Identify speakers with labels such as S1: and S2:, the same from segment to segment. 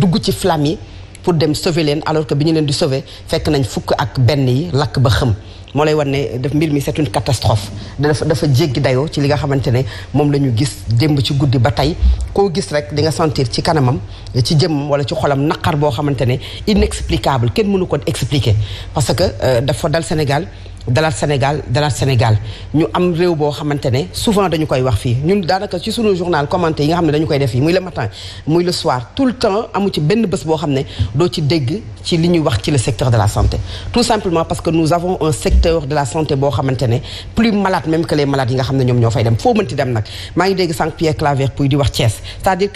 S1: dugg ci flamme yi pour dem sauver leen alors que bi ñu leen di sauver fekk nañ fukk ak benn yi lakk ba xëm moo lay wan ne daf mbir mi c'est une catastrophe dafa dafa jéggi dayoo ci li nga xamante ne moom la ñu gis démb ci guddi ba tey koo gis rek di nga sentir ci kanamam ci jëmm wala ci xolam naqar boo xamante ne inexplicable kenn mënu ko expliquer parce que euh, dafa dal Sénégal dalal Sénégal dalal Sénégal ñu am réew boo xamante ne souvent dañu koy wax fii ñun daanaka ci sunu journal commenté yi nga xam ne dañu koy def fii muy le matin muy le soir tout le temps amu ci benn bés boo xam ne doo ci dégg ci li ñuy wax ci le secteur de la santé. tout simplement parce que nous avons un secteur de la santé boo xamante ne plus malade même que les yi nga xam ne ñoom ñoo fay dem foo mënti dem nag maa ngi dégg sànq Pierre Claver Pouy di wax Thiès c'est-à-dire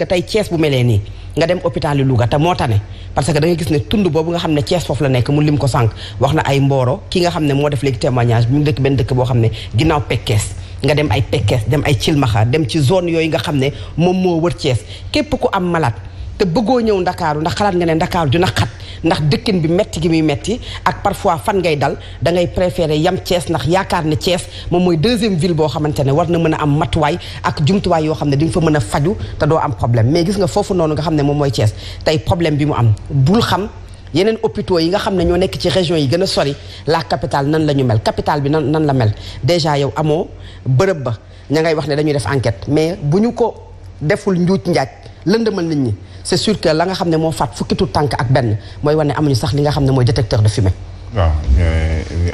S1: nga dem hôpital yu Louga te moo tane parce que da gis ne tund boobu nga xam ne Thiès foofu la nekk mu lim ko sànq wax na ay mbooro ki nga xam ne moo def léegi témoignage bi mu dëkk benn dëkk boo xam ne ginnaaw pekkees nga dem ay pekkees dem ay cilmaxa dem ci zone yooyu nga xam ne moom moo wër Thiès képp ku am malaat te bëggoo ñëw ndakaaru ndax xalaat nga ne ndakaaru dina xat ndax dëkkin bi metti gi muy metti ak parfois fan ngay dal da ngay préféré yam cees ndax yaakaar ne Thiès moom mooy deuxième ville boo xamante ne war na mën a am matuwaay ak jumtuwaay yoo xam ne di fa mën a faju te doo am problème mais gis nga foofu noonu nga xam ne moom mooy Thiès tey problème bi mu am bul xam yeneen hôpitaux yi nga xam ne ñoo nekk ci région yi gën a sori la capitale nan la ñu mel capital bi nan nan la mel déjà yow amoo bërëb ba ña ngay wax ne dañuy def enquête mais bu ñu ko deful njuuj njaaj lëndëmal nit ñi c'est sûr que la nga xam ne moo fat fukkitu tànk ak benn mooy wane amuñu sax li nga xam ne mooy détecteur de fumée.
S2: waaw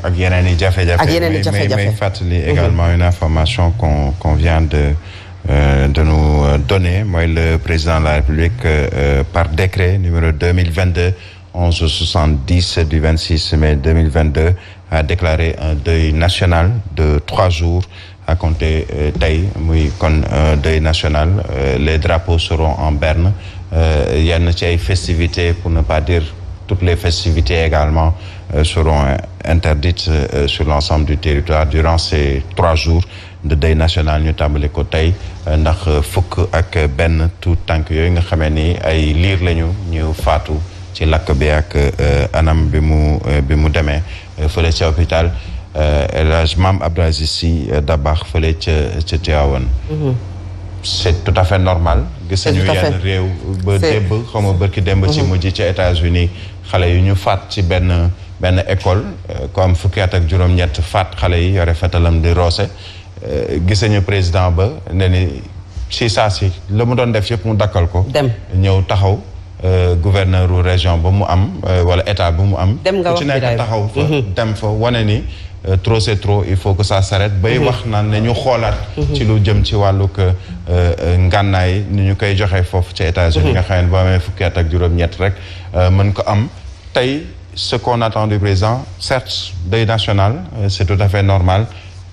S2: ak yeneen i jafe-jafe. ak yeneen i jafe-jafe mais mais fàttali mhm. également une information qu'on qu'on vient de euh, de nous euh, donner mooy le président de la République euh, euh par décret numéro 2022 1170 du 26 mai 2022 a déclaré un deuil national de trois jours. à compter euh, tey muy kon euh, deuil national euh, les drapeaux seront en berne euh, yenn ci ay festivités pour ne pas dire toutes les festivités également euh, seron interdites sur l'ensemble du territoire durant ces trois jours de deuil national ñu tàmbali ko tey ndax fukk ak benn tout tànk yooyu nga xamee ni ay liir lañu ñu faatu ci lakk bi ak anam bi mu bi mu demee fële ci hôpital Euh, El Hadj Mame Abdou Aziz Sy euh, Dabakh fële ca ca Tivaouane mhm. c'est tout à fait normal gis nañu yenn réew ba démb xaw ma bërki démb ci mhm. mujj ca États-Unis xale yu ñu faat ci benn benn école euh, ku am fukki at ak juróom-ñett faat xale yi yore fetalam di roose gis nañu président ba ne ni si saa si la mu doon def yëpp mu dakkal ko dem ñëw taxaw gouverneur région ba mu am wala état ba mu am ku ci nekk taxaw fa mhm. dem fa wane ni Euh, trop c'est trop il faut que ça s'arrête bay mhm. wax naan ne ñu xoolaat mhm. ci lu jëm ci wàllug euh, euh, ngànnaay ni ñu koy joxee foofu ci États-Unis mhm. nga xam ne boo amee fukki at ak juróom-ñett rek mën ko am tey ce qu'on attend du président certes day national c'est tout à fait normal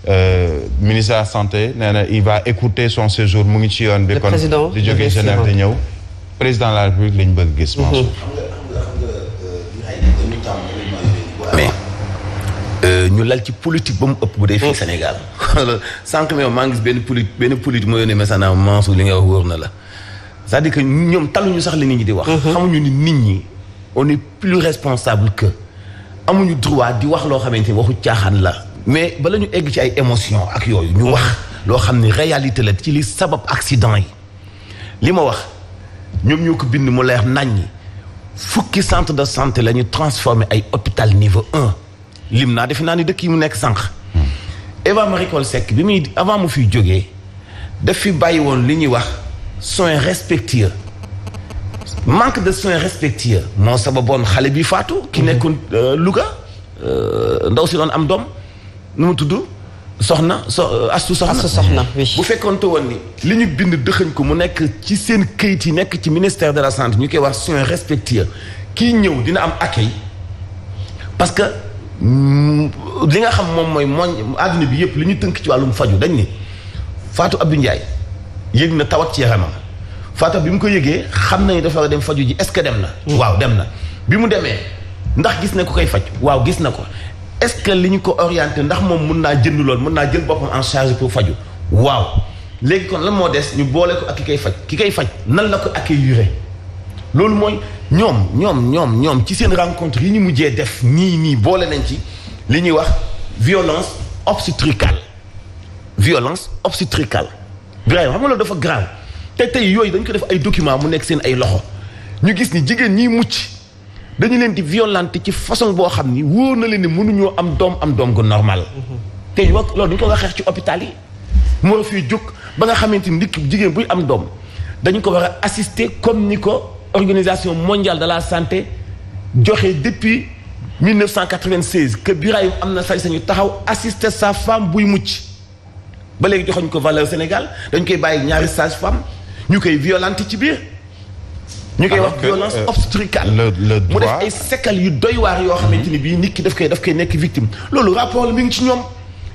S2: Euh, ministre de la santé nee na il va écouter son séjour mu ngi ci yoon bi kon di jóge Genève di ñëw président de la République lañ bëgg gis Mansour
S3: ñu lal ci politique ba mu ëpp bu dee fii hmm. Sénégal sànq mi maa gis benn politique benn politique moo yónnee message naa Mansour li nga wax wóor na la c'est-à-dire que ñoom taluñu sax li nit ñi di wax hmm. xamuñu ni nit ñi on est plus responsable que amuñu droit di wax loo xamante ni waxu caaxaan la mais bala ñu egg ci ay émotion ak yooyu ñu wax loo xam ni réalité la ci li sabab accident yi li ma wax ñoom ñoo ko bind mu nañ naññi fukki centre de santé la ñu transformé ay hôpital niveau un lim naa defe naa ni dëkk yi mu nekk sànq. Eva Marie Coll Seck bi muy avant mu fiy jógee daf fi bàyyi woon li ñuy wax soins respectueux manque de soins respectueux moo sababoon xale bi faatu. ki mhm. nekkoon euh, Louga euh, ndaw si doon am doom nu mu tudd. soxna so euh, astu soxna astu soxna mhm. bu fekkonte woon ni li ñu bind dëxëñ ko mu nekk ci seen këyit yi nekk ci ministère de la santé ñu koy wax soins respectueux kii ñëw dina am accueil parce que Mm, li nga xam moom mooy mooñ àdduna bi yëpp li ñu tënk ci wàllum faju dañ ni Fatou Abdou Ndiaye yëg na tawat ci yaramam Fatou bi mu ko yëgee xam nañu dafa war dem faju ji est-ce que dem na. Mm. waaw dem na bi mu demee ndax gis na ko koy faj. waaw gis na ko est-ce que li ñu ko orienté ndax moom mun naa jënd lool mun naa jël boppam en charge pour faju waaw léegi kon la moo des ñu boole ko ak ki koy faj ki kay faj nan la ko accueillir. loolu mooy ñoom ñoom ñoom ñoom ci seen rencontre yi ñu mujjee def nii nii boole nañ ci li ñuy wax violence obstétricale violence obstétricale bref xam nga loolu dafa grave te tey yooyu dañ ko def ay document mu nekk seen ay loxo ñu gis ni jigéen ñiy mucc dañu leen di violenter ci façon boo xam ni wóor na leen ni mënuñoo am doom am doom gu normal mm-hmm. te wa loolu dañu ko war xeex ci hôpital yi moo fi jóg ba nga xamante ni nit jigéen buy am doom dañu ko war a assister comme ni ko organisation mondiale de la santé joxe depuis 1996 que Birahim am na sañ-sañu taxaw assister sa femme buy mucc ba léegi joxuñ ko valeur Sénégal dañ koy bàyyi ñaari sage femme ñu koy violente ci biir. ñu koy wax violence euh, obstétricale mu def ay sekkal yu doy waar yoo xamante ni bii nikki daf koy daf koy nekk victime loolu rapport la mi ngi ci ñoom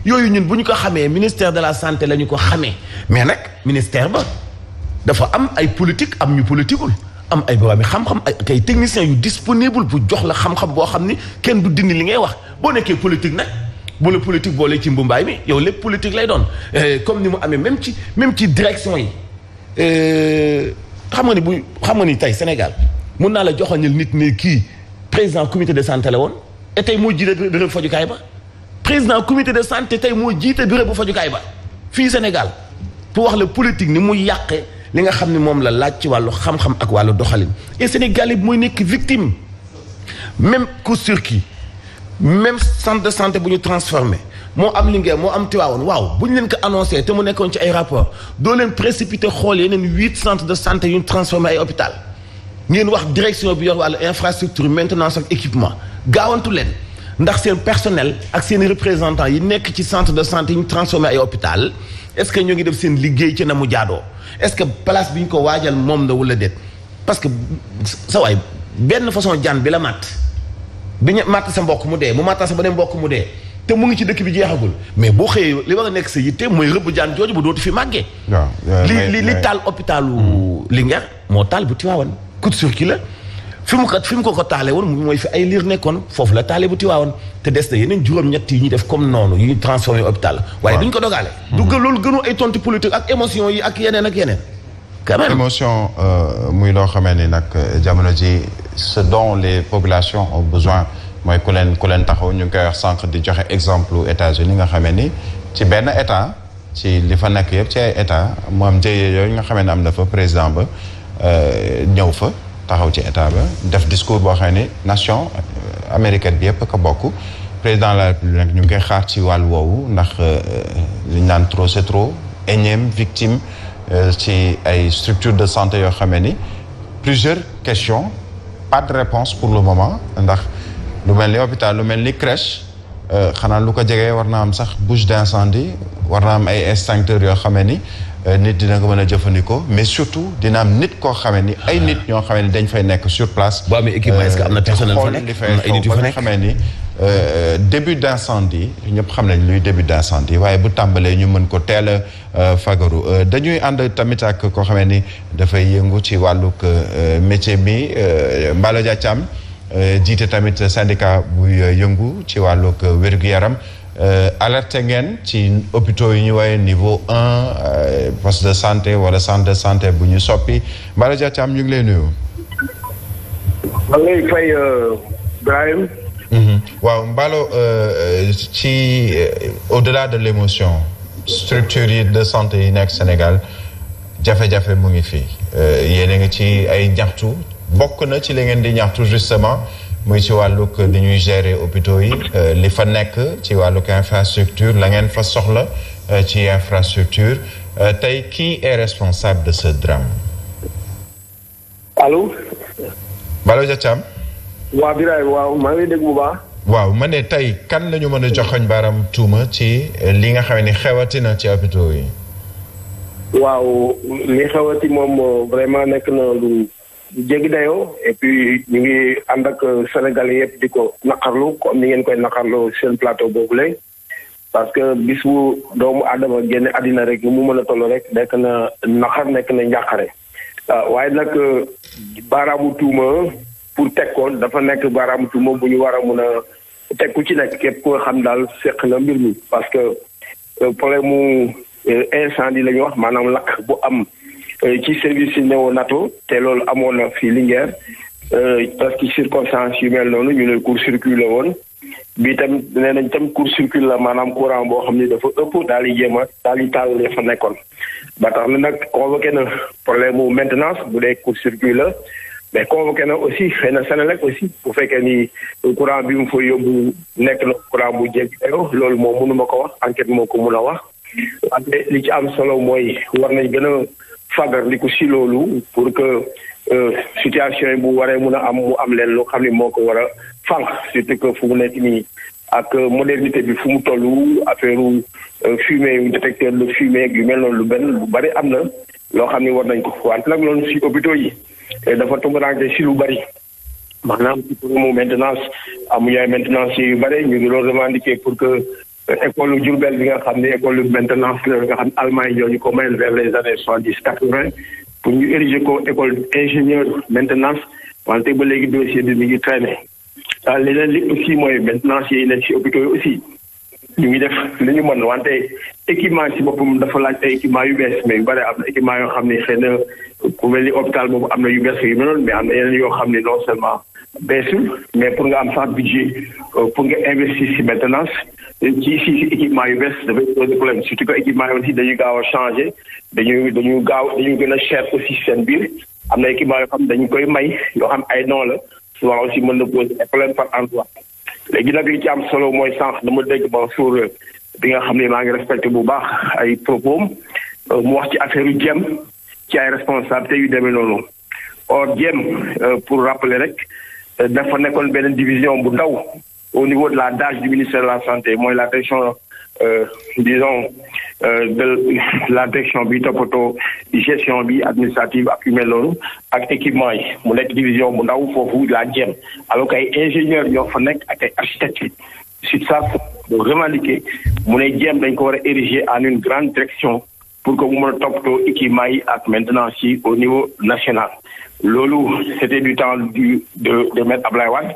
S3: yooyu ñun bu ñu ko xamee ministère de la santé la ñu ko xamee mais nag ministère ba dafa am ay politique am ñu politikul am ay borom xam-xam ay kay techniciens yu disponible bu jox la xam-xam boo xam ni kenn du dindi li ngay wax boo nekkee politique nag bu la politique boolee ci mbumbaay mi yow lépp politique lay doon eh, comme ni mu amee même ci même ci direction yi eh, xam nga ni bu xam nga ni tey Sénégal mun naa la joxoñal nit ne kii président comité de santé la woon te tey moo jiite béréb bu fajukaay ba président comité de santé tey moo jiite béréb bu fajukaay ba fii Sénégal pour wax la politique ni mu yàqee. li nga xam ne moom la laaj ci wàllu xam-xam ak wàllu doxalin et Sénégal mooy nekk victime même court-circuit même centre de santé bu ñu transformé moo am Linguère moo am Tivaouane waaw bu ñu leen ko annoncé te mu nekkoon ci ay rapport doo leen précipité xool yeneen huit centres de santé yu ñu transformé ay hôpital ngeen wax direction bi yor wàllu infrastructure maintenance ak équipement gaawantu leen ndax seen personnel ak seen représentant yi nekk ci centre de santé yu ñu transformé ay hôpital est-ce que ñoo ngi def seen liggéey ci na mu jaadoo est-ce que place bi ñu ko waajal moom la wala déet parce que sa waay benn façon jaan bi la màtt bi ñu màtt sa mbokk mu dee mu màttal sa beneen mbokk mu dee te mu ngi ci dëkk bi jeexagul mais boo xëyee li war a nekk sa yitte mooy rëbb jaan jooju bu dootu fi màggee.
S2: li li li taal
S3: hôpitalu hmm. Linguère moo taal bu Tivaouane coup de circuit la. fi mu ko fi mu ko ko taale woon mooy fi ay liir nekkoon foofu la taale bu tiwaawoon te des na yeneen juróom-ñett yi ñuy def comme noonu yu ñu transformé hôpital waaye duñ ko dogaale du loolu gënu ay tontu politique ak émotion yi ak yeneen ak yeneen
S2: quand même euh, muy loo xamee ni nag euh, jamono ji ce dont les populations ont besoin mooy ku leen ku leen taxaw ñu ngi koy sànq di joxe exemple États-Unis nga xamee ni ci benn état ci li fa nekk yëpp ci état mu am jëye yooyu nga xamee am na fa président ba euh, ñëw fa taxaw ci état ba def discours boo xam ne nation euh, américaine bi yëpp ko bokk président la république nag ñu ngi xaar ci wàll woowu ndax euh, li ñu naan trop c'est trop énième victime euh, ci ay structures de santé yoo xamee ni plusieurs questions pas de réponse pour le moment ndax lu mel ni hôpital lu mel ni crèche xanaa lu ko jegee war na am sax bouche d'incendie war na am ay extincteurs yoo xamee ni Euh, nit dina ko mën a jëfandikoo mais surtout dina am nit koo xamee ni ay nit ñoo xamee ni dañ fay nekk sur place. boo amee équipement est am na euh, personnel fa nekk ay nit yu fa nekk xool li fay xaw ba nga xamee ni euh, début d'incendie ñëpp xam nañ luy début d'incendie waaye bu tàmbalee ñu mën ko teel a fagaru dañuy ànd tamit ak koo xamee ni dafay yëngu ci wàllug métier mi Mballo Dia Thiam jiite tamit syndicat buy yëngu ci wàllug wér-gu-yaram. Euh, alerte ngeen ci hôpitaux yi ñu waaye niveau un euh, poste de santé wala centre de santé bu ñu soppi Bara Dia am ñu ngi lay nuyu. maa ngi lay fay euh, Ibrahim. Mhm. waaw Mballo ci au-delà de l'émotion structures yi de santé yi nekk Sénégal jafe-jafe mu ngi fii yéen a ngi ci ay ñaxtu bokk na ci la ngeen di ñaxtu justement muy ci wàllug li ñuy gérer hôpitaux yi euh, li fa nekk ci wàllug infrastructure la ngeen fa soxla euh, ci infrastructure euh, tey qui est responsable de ce drame. allo. Balo Dia Thiam.
S4: waaw Biray waaw maa ngi dégg bu baax.
S2: waaw ma ne tey kan lañu ñu mën a joxoñ baaraam tuuma ci li nga xam ni xewati na ci hôpitaux yi.
S4: waaw li xewati moom vraiment nekk na lu. jéggi dayoo et puis ñu ngi àndak ak euh, sénégalais yëpp di ko naqarlu comme ni ngeen koy naqarlu seen plateau boobu lay parce que bis bu doomu aadama génn àddina rek nu mu mën a toll rek nekk na naqar nekk na njàqare ah, waaye nag euh, baaraamu tuuma pour teg koon dafa nekk baaraamu tuuma bu ñu war a mun a teg ku ci nekk képp ku xam daal seq na mbir mi parce que euh, problème mu incendie la ñu wax maanaam lakk bu am Euh, ci service yi néonataux te loolu amoon na fi Linguère euh, parce que circonstance yu mel noonu ñu ne court circuit woon bi tam nee nañ tam court circuit la maanaam courant boo xam ni dafa ëpp daal di jéem a daal di taal la fa nekkoon ba tax na nag convoqué na problème mu maintenance bu dee court circuit la mais convoqué na aussi xëy na Senelec aussi bu fekkee ni courant bi mu fa yóbbu nekk na courant bu jéggi dayoo loolu moom mënu ko wax enquête moo ko mun a wax wante li ci am solo mooy war nañ gën a fagarliku si loolu pour que euh, situation yi bu waree mun a am mu am leen loo xam ni moo ko war a fànq te que fu mu nekk nii ak modernité bi fu mu toll affaire euh, fumée yu détecteur de fumée yu mel noonu lu benn lu bari am na loo xam ni war nañ ko wante nag loolu si hôpitaux yi eh, dafa tumuraanke si lu bari maanaam mu maintenance amuñu ay maintenance yu bari ñu ngi loolu pour que école Diourbel bi nga xam ne école maintenance la nga xam ne Allemagne ñooñu ko mayoon vers les années soixante dix quatre vingt pour ñu ériger ko école ingénieur maintenance wante ba léegi dossier bi mi ngi traîner. leneen li aussi mooy maintenance yi nekk ci hôpitaux yi aussi. ñu ngi def li ñu mën wante équipement ci boppam dafa laaj ay yu bees mais yu bëri am na équipement yoo xam ne xëy na ku mel ni hôpital boobu am na yu bees yu mel noonu am na yeneen yoo xam ne non seulement beesul pour nga am sax budget euh, pour nga investir ci maintenance ci ci équipement yu bees dafay poser problème surtout que équipement yi aussi dañuy gaaw a changer dañuy dañu gaaw dañu gën a cher aussi seen biir am na équipement yoo xam ne dañu koy may yoo xam ay non la waaw aussi mën na poser problème par endroit léegi nag li ci am solo mooy sànq dama dégg Mansour bi nga xam ne maa ngi respecté bu baax ay propos euh, mu wax ci affaire yu jëm ci ay responsabilité yu demee noonu or jëm euh, pour rappeler rek euh, dafa nekkoon beneen division bu ndaw au niveau de la DAGE du ministère de la santé mooy la direction disons Euh, de la direction bi di gestion bi administrative ak yu loolu noonu ak équipement yi mu nekk division bu ndaw foofu la jéem alors que ay ingénieurs ñoo fa nekk ak ay architectes sur ça pour revendiquer mu ne jéem dañ ko war a ériger en une grande direction pour que mu mën a toppatoo équipement yi ak maintenant si au niveau national loolu c'était du temps du de de maître Ablaye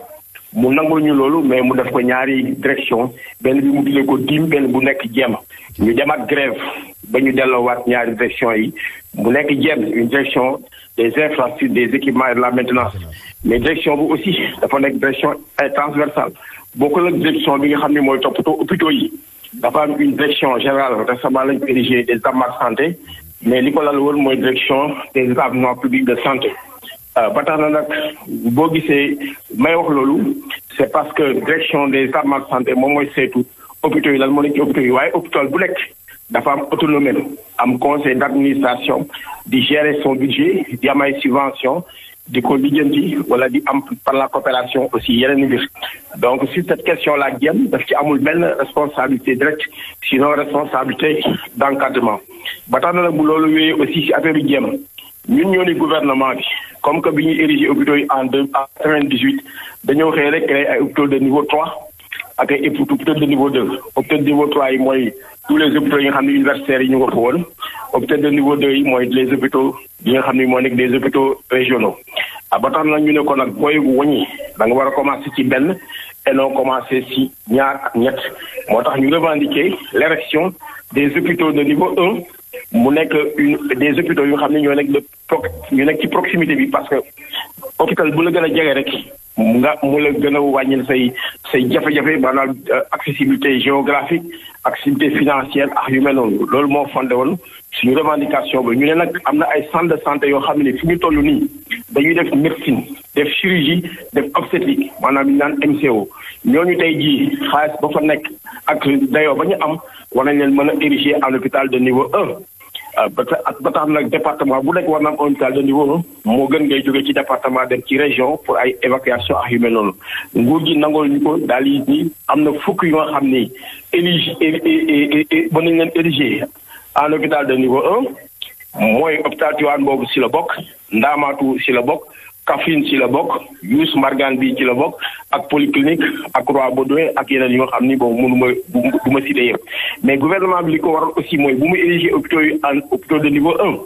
S4: mu nangul ñu loolu mais mu def ko ñaari direction benn bi mu tuddee ko DIM benn bu nekk jéem ñu dem ak grève ba ñu delloowaat ñaari direction yi mu nekk jenn une direction des infrastructures des équipements et de la maintenance mais direction bu aussi dafa nekk direction transversale bokkul ak direction bi nga xam ne mooy toppatoo hôpitaux yi dafa am une direction générale récemment lañ ko érigé des amas santé mais li ko lal woon mooy direction des établissements publics de santé euh, ba tax na nag boo gisee may wax loolu c'est parce que direction des amas santé moom mooy saytu hôpitaux yi lan moo nekk waaye hôpital bu nekk dafa am autonomie am conseil d'administration di gérer son budget di am ay subvention di ko lijjanti wala di am par la coopération aussi yeneen mbir donc sur cette question la jéem daf ci amul benn responsabilité si sinon responsabilité d'encadrement ba tax na nag bu loolu wéyee aussi ci affaire yu jéem ñun ñoo ni gouvernement bi comme que bi ñuy érigé hôpitaux en deux en quatre rek créé ay hôpitaux de niveau trois ak ay hôpitaux de niveau deux hôpitaux de niveau trois yi mooy tous les hôpitaux yi nga xam ne universitaires yi ñu ko fa woon de niveau deux yi mooy les hôpitaux yi nga xam ne moo des hôpitaux régionaux ah ba na ñu ne ko nag booy wàññi da nga war a commencer ci benn et non commencer ci ñaar ak moo tax ñu revendiquer l'érection des hôpitaux de niveau un mu nekk des hôpitaux yu xam ne ñoo nekk le pro ñu nekk ci proximité bi parce que hôpital bu la gën a jege rek nga mu la gën a wàññil say say jafe-jafe maanaam euh, accessibilité géographique accessibilité financière ak yu mel noonu loolu moo fondé woon suñu revendication bi ñu ne nag am na ay centre de santé yoo xam ne fi ñu toll nii dañuy def médecine def chirurgie def obstétrique maanaam ñu naan MCO ñooñu tey jii xaalis ba fa nekk ak dayoo ba ñu am war nañ leen mën a ériger en hôpital de niveau un euh, ba ba tax nag département bu nekk war na am hôpital de niveau un moo gën ngay jóge ci département dem ci région pour ay évacuation ak yu mel noonu nguur gi nangoo ñu ko daal yi ni am na fukk yu nga xam ni érige mën nañ leen ériger en hôpital de niveau un mooy hôpital Tivaouane boobu si la bokk Ndaamaatu si la bokk Kaffrine ci la bokk Youssou Margane bi ci la bokk ak polyclinique ak Roi Baudouin ak yeneen yoo xam ni boobu mënu ma du ma cité yëpp mais gouvernement bi li ko waral aussi mooy bu mu érigé hôpitaux yu en hôpitaux de niveau un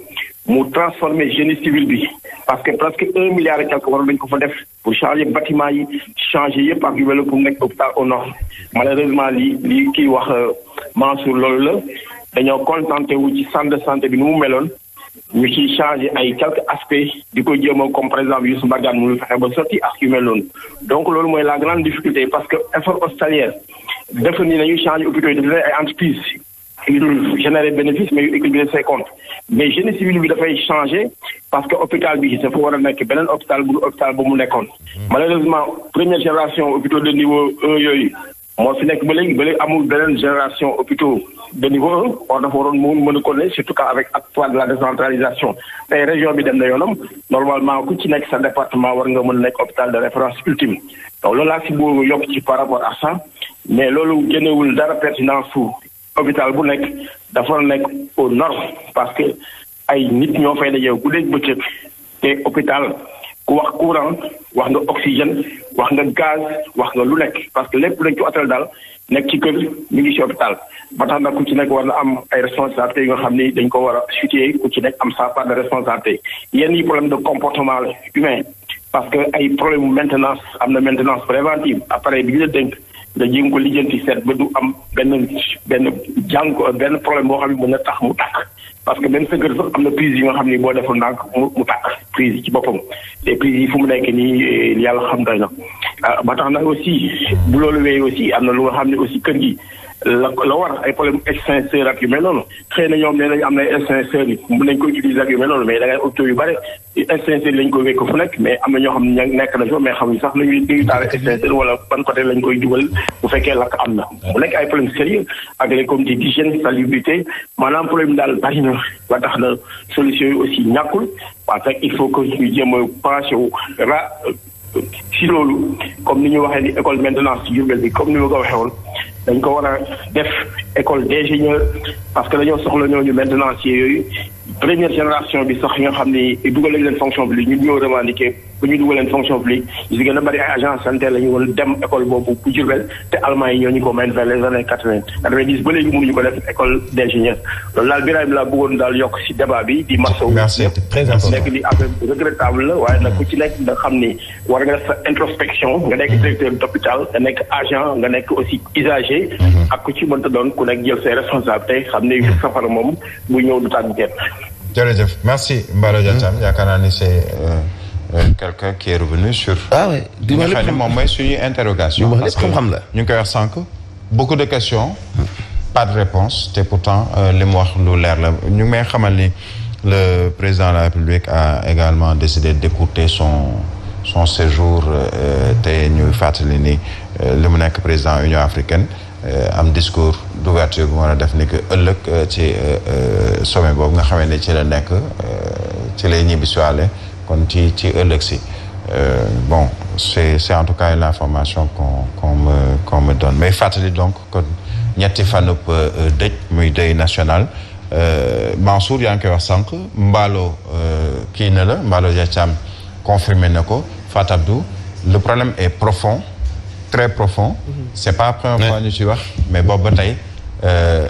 S4: mu transformer génie civil bi parce que presque un milliard et quelque waroon nañu ko fa def pour changer bâtiment yi changer yëpp ak yu mel pour mu nekk hôpital au nord malheureusement li li kii wax euh, Mansour loolu la dañoo contenté wu ci centre de santé bi nu mu meloon ñu ciy changé ay quelques aspects di ko jéem a comme par exemple Youssou Mbargane mu ngi ba sotti ak yu mel noonu loolu mooy la grande difficulté parce que effort hospitalier def nañu changé hôpitaux yi ay entreprise yu dul générer bénéfice mais yu équilibré ses comptes mais génie civil bi dafay changé parce que hôpital bi dafa war a nekk beneen hôpital bu hôpital ba mu nekkoon hmm. malheureusement première génération hôpitaux de niveau 1 e moo fi nekk ba léegi ba léegi amul beneen génération hôpitaux de niveau on dafa waroon mun mën a ko ne surtout ka avec acte trois de la décentralisation tey région bi dem na yoonam normalement ku ci nekk sa département war nga mën a nekk hôpital de référence ultime donc loolu laa si boo yokk ci par rapport à ça mais loolu génnewul dara pertinence su hôpital bu nekk dafa nekk au nord parce que ay nit ñoo fay dajeew ku dégg bëccëg te hôpital ku wax courant wax nga oxygène wax nga gaz wax nga lu nekk parce que lépp lañ ci atal daal nekk ci kër mi ngi ci hôpital ba na ku ci nekk war na am ay responsabilités yi nga xam ni dañ ko war a situer ku ci nekk am sa part de responsabilité yenn yi problème de comportement humain parce que ay problème maintenance am na maintenance préventive appareil bi ñu la nga jéem ko lijjanti seet ba du am benn benn jànko benn problème boo xam ne mën na tax mu tàkk parce que benn sa kër am na prise yi nga xam ne boo deful ndànk mu mu tàkk prise yi ci boppam te prise yi fu mu nekk nii eh, yàlla xam doy na ah, ba tax na aussi bu loolu wéy aussi am na lu nga xam ne aussi kër gi la la war ay problème extincteur ak yu mel noonu xëy na ñoom nee nañu am na extincteur yi ko utiliser ak yu mel noonu mais da ngay auto yu bare extincteur yi lañ koy wékk nekk mais am na ñoo xam ne nekk na fa mais xamuñ sax nañuy ñuy taale extincteur wala ban côté lañ koy dugal bu fekkee lakk am na mu nekk ay problème sérieux ak les comités d'hygiène salubrité maanaam problème daal bari na ba tax na solution yi aussi ñàkkul parce que il faut que ñu jéem a penché wu ra si loolu comme ni ñu waxee ni école maintenance ci Diourbel bi comme ni ma ko waxee woon dañ ko war a def école d'ingénieur parce que dañoo soxla ñooñu maintenancier yooyu première génération bi sax nga xam ni dugal leen fonction publique ñu ñëw revendiquer bu ñu dugal leen fonction publique ñu gën a yi ñoo ñu ko mën vers les années quatre vingt quatre vingt yokk si débat bi di masawu nekk di affaire regrettable waaye nag ku ci nekk nga xam ni war nga def introspection nga nekk directeur d'hôpital nga nekk agent nga nekk aussi usager mhm. ak ku ci mënta doon ku nekk jël ses responsabilités xam ni mhm. safara moom bu ñëw du tàgg
S2: jërëjëf merci Bara Dia Thiam hmm. yaakaar naa ni c'est euh, euh, euh, quelqu'un qui est revenu sur. ah oui di ma lépp moom mooy suñuy interrogation. parce que xam la ñu ngi koy wax sànq. beaucoup de questions. pas de réponse te pourtant li mu wax lu leer la ñu may xamal ni le président de la République a également décidé d'écourter son son séjour te ñuy fàttali ni li mu nekk président Union africaine. Euh, am discours d'ouverture bu mën a def ni que ëllëg euh, ci euh, sommet boobu nga xamee ne ci la nekk ci lay ñibbisiwaale kon ci ci ëllëg si bon c'est c'est en tout cas l'information qu'on qu'on me qu'on me mais fàttali donc kon ñetti fanub dëj muy deuil national Mansour yaa ngi koy wax sànq Mballo kii na la Mballo Dia Thiam na ko Fatabdou le problème est profond très profond. Mhm. c' est pas première fois ñu ci wax mais boobu ba tey euh,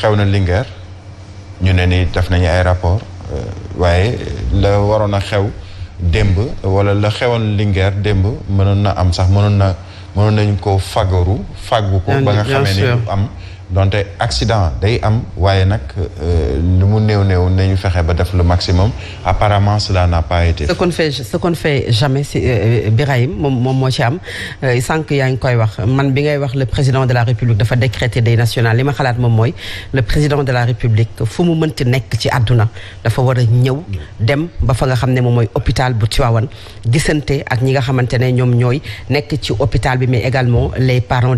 S2: xew na Linguère ñu ne nii def nañu ay rapport euh, waaye la waroon a xew démb wala la xewoon Linguère démb mënoon na am sax mënoon na mënoon nañ ko fagaru ah, fàggu ko ba nga xamee ni am donte accident day am waaye nag euh, lu mu néew néew nañu fexe ba def lu maximum apparemment cela n'a pas été ce
S1: qu'on fait ce qu'on jamais si euh, euh, moom moom moo ci am sànq yaa ngi koy wax man bi ngay wax le président de la république dafa décréter de national li ma xalaat moom mooy le président de la république fu mu mënti nekk ci àdduna dafa war a ñëw dem ba fa nga xam ne moom mooy hôpital bu Tivaouane gisante ak ñi nga xamante ne ñoom ñooy nekk ci hôpital bi mais également les parents